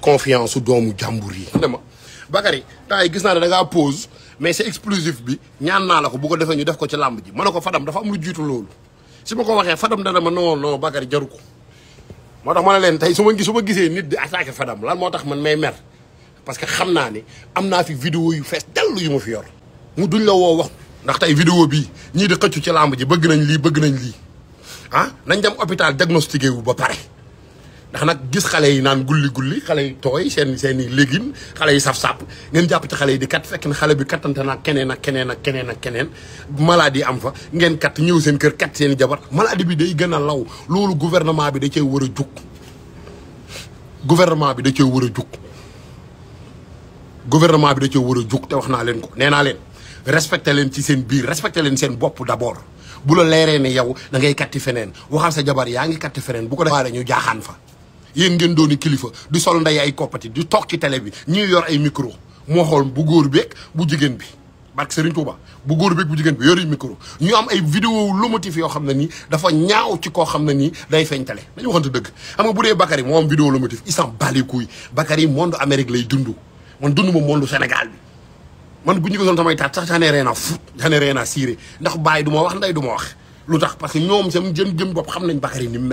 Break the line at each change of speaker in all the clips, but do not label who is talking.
confiance su doomu jàmbur yi. dama Bakary temps yi gis naa ne da ngaa pause mais c'est exclusif bi ñaan naa la ko bu ko defee ñu def ko ci làmb ji ma ne ko Fadam dafa am lu jiitu loolu si ma ko waxee Fadam dana ma non non Bakary jaru ko. moo tax ma ne leen tey su ma su ma gisee nit di attaqué Fadam lan moo tax man may mer parce que xam naa ni am naa fi vidéo yu fees dellu yu ma fi yor. mu duñ la woo wax ndax tey vidéo bii ñii di xëccu ci làmb ji bëgg nañ lii bëgg nañ lii ah nañ dem hôpital diagnostiqué wu ba pare. ndax nag gis xale yi naan gulli gulli xale yi tooy seen seen i légumes xale yi saf-sàpp ngeen jàpp ci xale yi di kat fekk na xale bi kattante naa keneen ak keneen ak keneen ak keneen maladie am fa ngeen kat ñëw seen kër kat seen jabar malaadi bi day gën a law loolu gouvernement bi da cee war a jug gouvernement bi da cee war a jug gouvernement bi da cee war a jug te wax naa leen ko nee naa leen respecté leen ci seen biir respecté leen seen bopp d'abord bu la leeree ne yow da ngay katti feneen waxal sa jabar yaa ngi katti feneen bu ko defee ñu jaaxaan fa yéen ngeen dooni kilifa du sol nday ay koppati du toog ci tele bi ñuy yor ay micro moo xool bu góor beeg bu jigéen bi barke Serigne Touba bu góor beeg bu jigéen bi yori micro ñu am ay vidéo lu motif yoo xam ne nii dafa ñaaw ci koo xam ne nii day feeñ tale dañu waxante dëgg xam nga bu dee Bakary moo am vidéo lu motif il s'en bat les couilles Bakary monde Amérique lay dund man dund ma monde Sénégal bi man bu ñu ko doon samay taat sax j'en ai rien à foutre j'en ai rien ndax bàyyi du ma wax nday du ma wax lu tax parce que ñoom seen jën jëm bopp xam nañ Bakary ni mu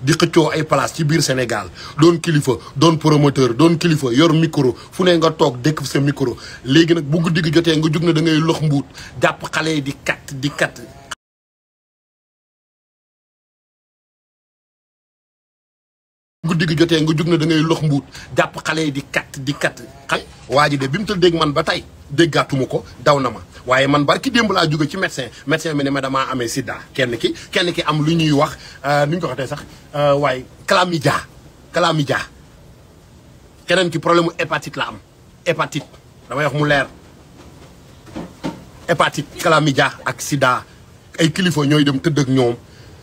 di xëccoo ay palaas ci biir Sénégal doon kilifa doon promoteur doon kilifa yor micro fu ne nga toog dëkk sa micro léegi nag bu guddi gi jotee nga jug na da lox mbuut jàpp xale yi di kat di kat. guddi gi jotee nga jug na da lox mbuut jàpp xale di kat di waa ji de bi mu tëddee man ba tey déggaatuma ko daw na ma. waye man barki demb la jóge ci médecin médecin mi ne ma damaa amee sida kenn ki kenn ki am lu ñuy wax euh niñ ko waxatee sax euh, waye chlamydia chlamydia kenen ki problème hépatite la am hépatite damay wax mu lèr hépatite chlamydia ak sida ay kilifa ñoy dem teud ak ñom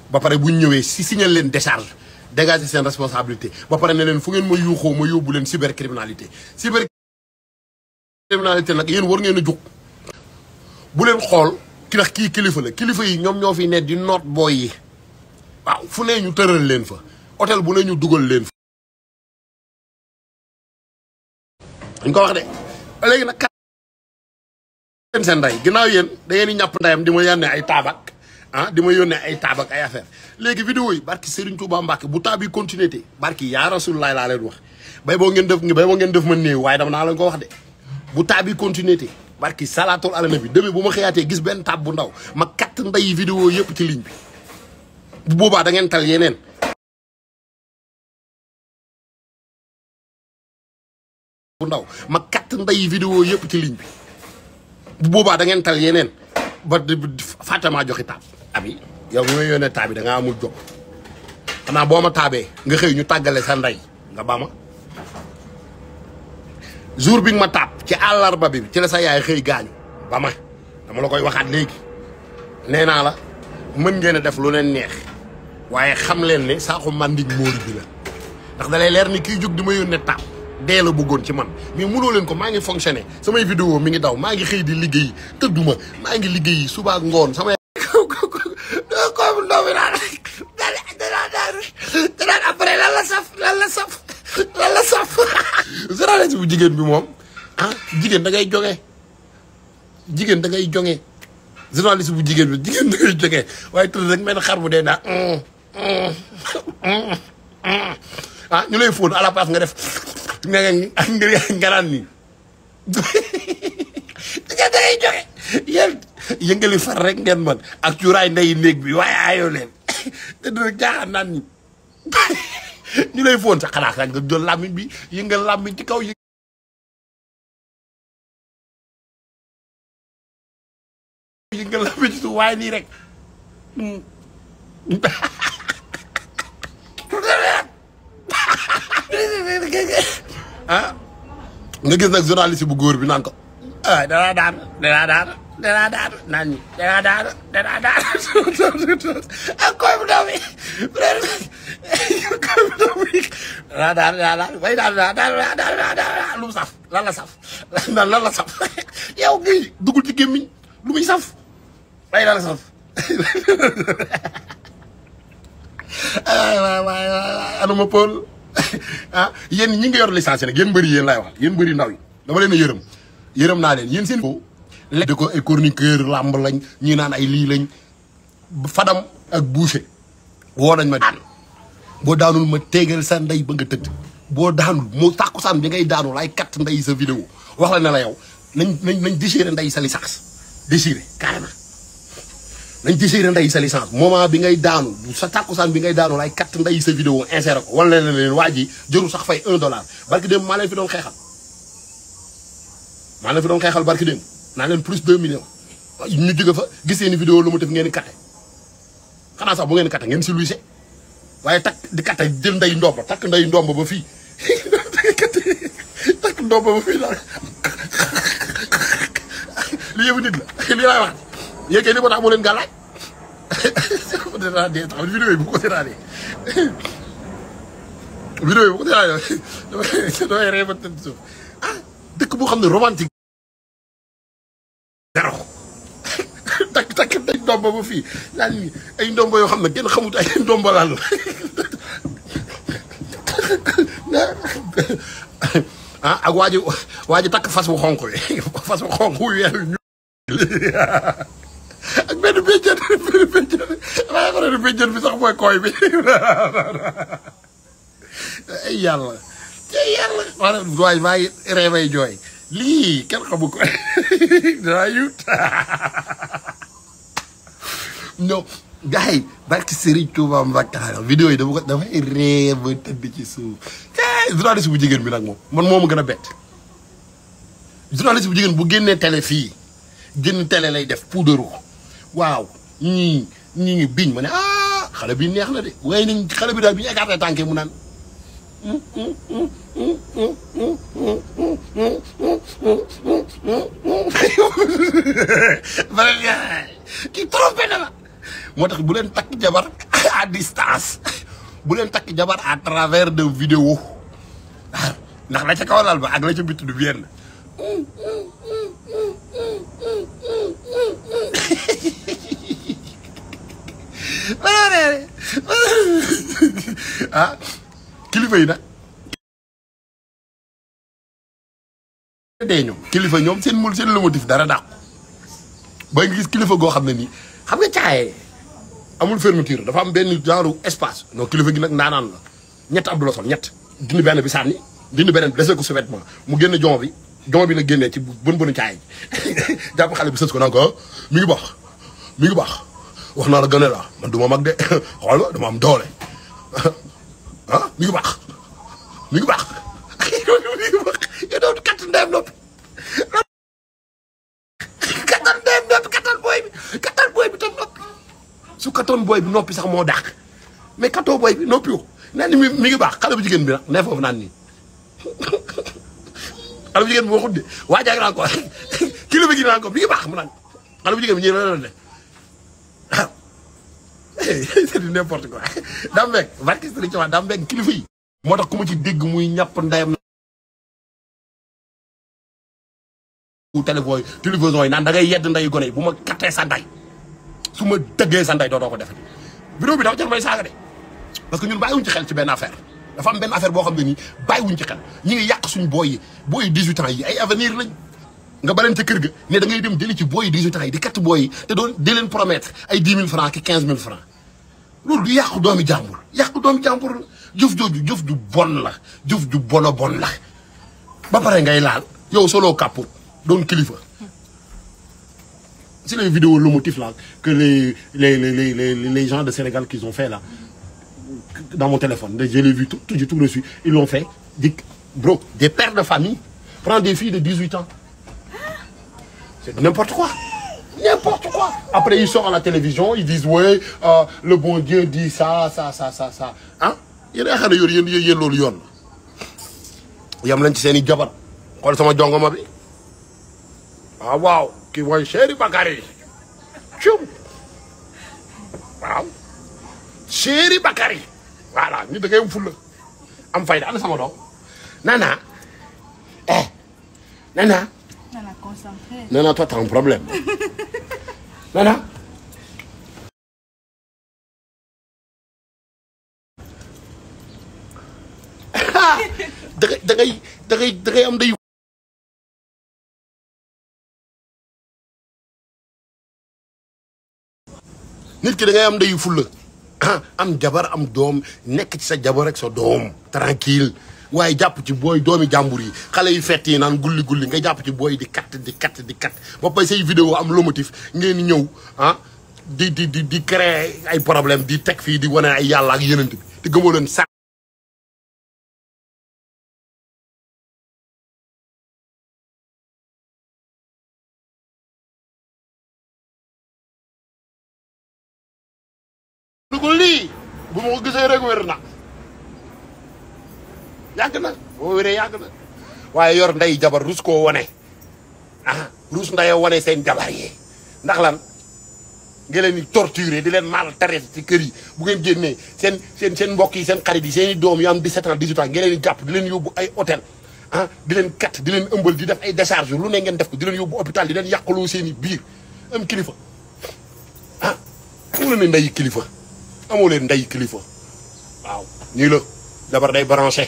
ba paré bu ñëwé ci signal leen décharge dégager sen responsabilité ba paré ne leen fu ngeen ma yuxo ma yóbbu leen cybercriminalité cybercriminalité nag yéen war ngeen a bu leen xool ki kii kilifa la kilifa yi ñoom ñoo fi ne di noot booy yi waaw fu ne ñu tëral leen fa hôtel bu ne ñu dugal leen fa. dañ ko wax de léegi nag leen seen ndey ginnaaw da ngeen di ñàpp ndeyam di ma ay taabak ah di ma yónnee ay taabak ay affaire léegi vidéo yi barki Serigne Touba Mbacke bu taa bi continué te barki laa leen wax bay boo ngeen def bay boo ngeen def ma néew waaye dama naa leen ko wax de bu taa bi barki salaatul ala nabi deme bu ma xëyaatee gis benn tab bu ndaw ma katt nday vidéo yëpp ci ligne bi bu boobaa da tal yeneen bu ndaw ma katt nday vidéo yëpp ci boobaa da ngeen tal yeneen ba fàttamaa joxi taab abi yow mi may yónnee taab bi da amul job xanaa boo ma taabee nga xëy ñu tàggale sa nday nga ba jour bi ma taab ci àllarba bi ci la sa yaay xëy gaañu ba ma dama la koy waxaat léegi nee naa la mën ngeen a def lu leen neex waaye xam leen ne saako mandig móori bi la ndax da leer ni kii jóg di ma yónnee taab dee la bëggoon ci man mais mënoo leen ko maa ngi fonctionné samay vidéo mi ngi daw maa ngi xëy di liggéey tëdduma maa ngi liggéey suba ak ngoon sama comme ndox mi daal danaa daal danaa après lan saf lan saf lan la saf journaliste bu jigéen bi moom jigéen da ngay joge jigéen da ngay joge journaliste bu jigéen bi jigéen da ngay joge waaye tëdd rek mel xar bu dee naa mm, mm, mm, ah ñu lay fóon à la place nga def nga nga ngaraan nii jigéen da ngay joge néeg bi waaye aayoo leen tëdd rek jaaxaan naan ni ñu lay fóon sa xanaa nga jël làmmiñ bi yëngal làmmiñ ci kaw yi nga làmbee ci suuf waaye nii rek ah nga gis nag journaliste bu góor bi naan ko ah danaa daan danaa daan danaa daan naan ñi danaa daan danaa daan ak ah, koy bu bi koy bu ndaw bi danaa daan danaa daan way daan danaa daan saf lan saf lan la saf yow gii dugul ci gémmiñ lu saf bàyyi naa la saf waay waay waay waay anuma Paul ah yéen ñi ngi yor licence yi nag yéen bëri yéen laay wax yéen bëri ndaw yi dama leen a yërëm yërëm naa leen yéen seen ko de ko ay chroniqueur làmb lañ ñi naan ay lii lañ fadam ak boucher woo nañ ma daan boo daanul ma tegal sa ndey ba nga tëdd boo daanul moo tàkkusaan bi ngay daanul ay kat ndey sa vidéo wax la ne la yow nañ nañ nañ déchiré ndey sa licence déchiré carrément nañ ci sey nday sa licence moment bi ngay daanu sa takusan bi ngay daanu lay kat nday sa vidéo insérer ko wala na leen waji jëru sax fay 1 dollar barki dem ma leen fi doon xéxal ma leen fi doon xéxal barki dem na leen plus 2 millions ñu jëge fa gisé ni vidéo lu mu def ngeen katé xana sax bu ngeen katé ngeen ci luissé waye tak di katé jël nday ndomba tak nday ndomba ba fi tak ndomba ba fi la li yewu nit la li lay wax yeke ni mo mo len galaj dinaa dee bu ko seetaanee boo xam ne romantique. dara takk takk ay ndomba yoo xam ne kenn xamut ay ndomba lan la ah ak waa takk fas bu xonq fas bu xonq wi weer benn béjjën benn béjjën xanaa ko ne béjjën bi sax mooy kooy bi ay yàlla ay yàlla maanaam jooy maa ngi réeway jooy lii kenn xamu ko dinaa yut non gars yi barki Serigne Touba Mbacke vidéo yi dama ko dafay réew a tëdd ci suuf journaliste bu jigéen bi nag moom man moomu gën a bett journaliste bu jigéen bu génnee télé fii génn télé lay def waaw ñi hmm. ñi ngi hmm, biñ mané ah xalé bi neex la dé way nañ xalé bi da bi ñu écarté tànke mu nan ki trompé na la moo bu leen jabar à distance bu leen jabar à travers de vidéo ndax la ci kawal laal ba ak la ci bitu du bien ma ah, reere kilifa yi nag. dee ñoom kilifa ñoom seen mul seen lomotif dara dàqu ba nga gis kilifa goo xam ne nii xam nga caaye amul fermeture dafa am benn genre espace noo kilifa gi nag naanaan la ñett Abdou la sol ñett dindi benn bi sànni dindi benn bi dese ko su vêtement mu génn jon bi jon bi na génnee ci bën bënu caay ji jàpp xale bi sës ko naan ko ah, mi ngi baax mi ngi baax waxna la gane la man duma mag de xol la dama am doole ah mi ngi bax mi ngi bax mi ngi baax yow ya, doo kattan ndeyam noppi kattan ndeyam noppi kattan booy bi kattan bi tam su kattan boy, bi noppi sax mo dak mais kato boy bi nopi wo oh. nee mi mi ngi bax xale bu jigéen bi nag ne fofu naan nii xale bu jigéen bi waxut de waajaa ngi gi nan ko mi ngi bax mu nan xale bu jigéen bi ñëw la ne c'est du n'importe quoi Dame Mbeek barke Sëriñ Tuubaa kilifa moo tax ku ci dégg muy ñàpp ndayam télévision télévision yi naan da ngay yedd nday gone yi bu ma kattee sa nday su ma dëggee sa nday dootoo ko defee vidéo bi dafa jar may saaga de parce que ñun bàyyiwuñ ci xel ci benn affaire dafa am benn affaire boo xam ne nii bàyyiwuñ ci xel ñi ngi yàq suñ booy yi booy 18 ans yi ay avenir lañ nga baleen ca kër ga ne da ngay dem jëli ci booy 18 ans yi di katt booy te doon di leen promettre ay 10 000 francs ki 15 000 francs loolu du yàqu doomi jàmbur yàqu doomi jàmbur jëf jooju du du bon la djuf ju bono bon la ba pare ngay laal yow solo kàppur doon kilifa c'est les vidéos le motif là que les les les les les gens de Sénégal qu'ils ont fait là dans mon téléphone je l'ai vu tout tout tout dessus. ils l'ont fait des bro des pères de famille prend des filles de 18 ans c'est n'importe quoi n'importe quoi. Après, ils sortent à la télévision, ils disent, ouais, euh, le bon Dieu dit ça, ça, ça, ça, ça. Hein yéen yaakaar ne yéen yéen loolu yoon la yam nañ ci seen i jabar xool sama jongoma bi ah, waaw waaw kii mooy Chéri Bakary cium waaw Chéri Bakary voilà ñu da ngay am fulla am fayda ana sama doom nana eh nana nana concentre. nana toi t'as un problème منع دغي دغي دغي دغي ام دي nit ki da ngay am ndeyu fulla am jabar am doom nekk ci sa jabar ak sa doom tranquille waaye japp ci boy doomi jàmbur yi xale yu fett yi gulli gulli nga japp ci boy di kat di kat di kat ba pay sey vidéo am lomotif ngeen ñew ah di di di di créer ay problème di tek fi di wane ay yalla ak yenen te te gëmo leen sax lii bu ma ko rek yàgg na boo wéree waaye yor ndey jabar rus koo wane ah rus ndayoo wane seen jabar yi ndax lan nga leen di di leen maltraiter ci kër yi bu ngeen génnee seen seen seen mbokk yi seen xarit yi seen i doom yu am 17 ans 18 di jàpp di leen yóbbu ay hôtel ah di leen kat di leen ëmbal di def ay décharge lu ne ngeen def ko di leen yóbbu hôpital di leen yàqaloo seen i biir am kilifa ah mu la kilifa amoo leen ndeyi kilifa waaw nii la jabar day branché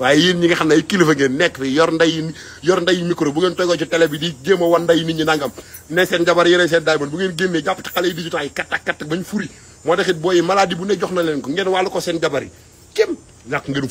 waaye yéen ñi nga xam ne ay kilifa ngeen nekk fi yor nday yor nday micro bu ngeen toogoo ci télé bi di jéem a wan nday nit ñi nangam ne seen jabar yore seen daay bu ngeen génnee jàpp ci xale yi digital yi kat ak bañ furi moo taxit booy maladie bu ne jox na leen ko ngeen wàllu ko seen jabar yi kéem ñàkk ngeen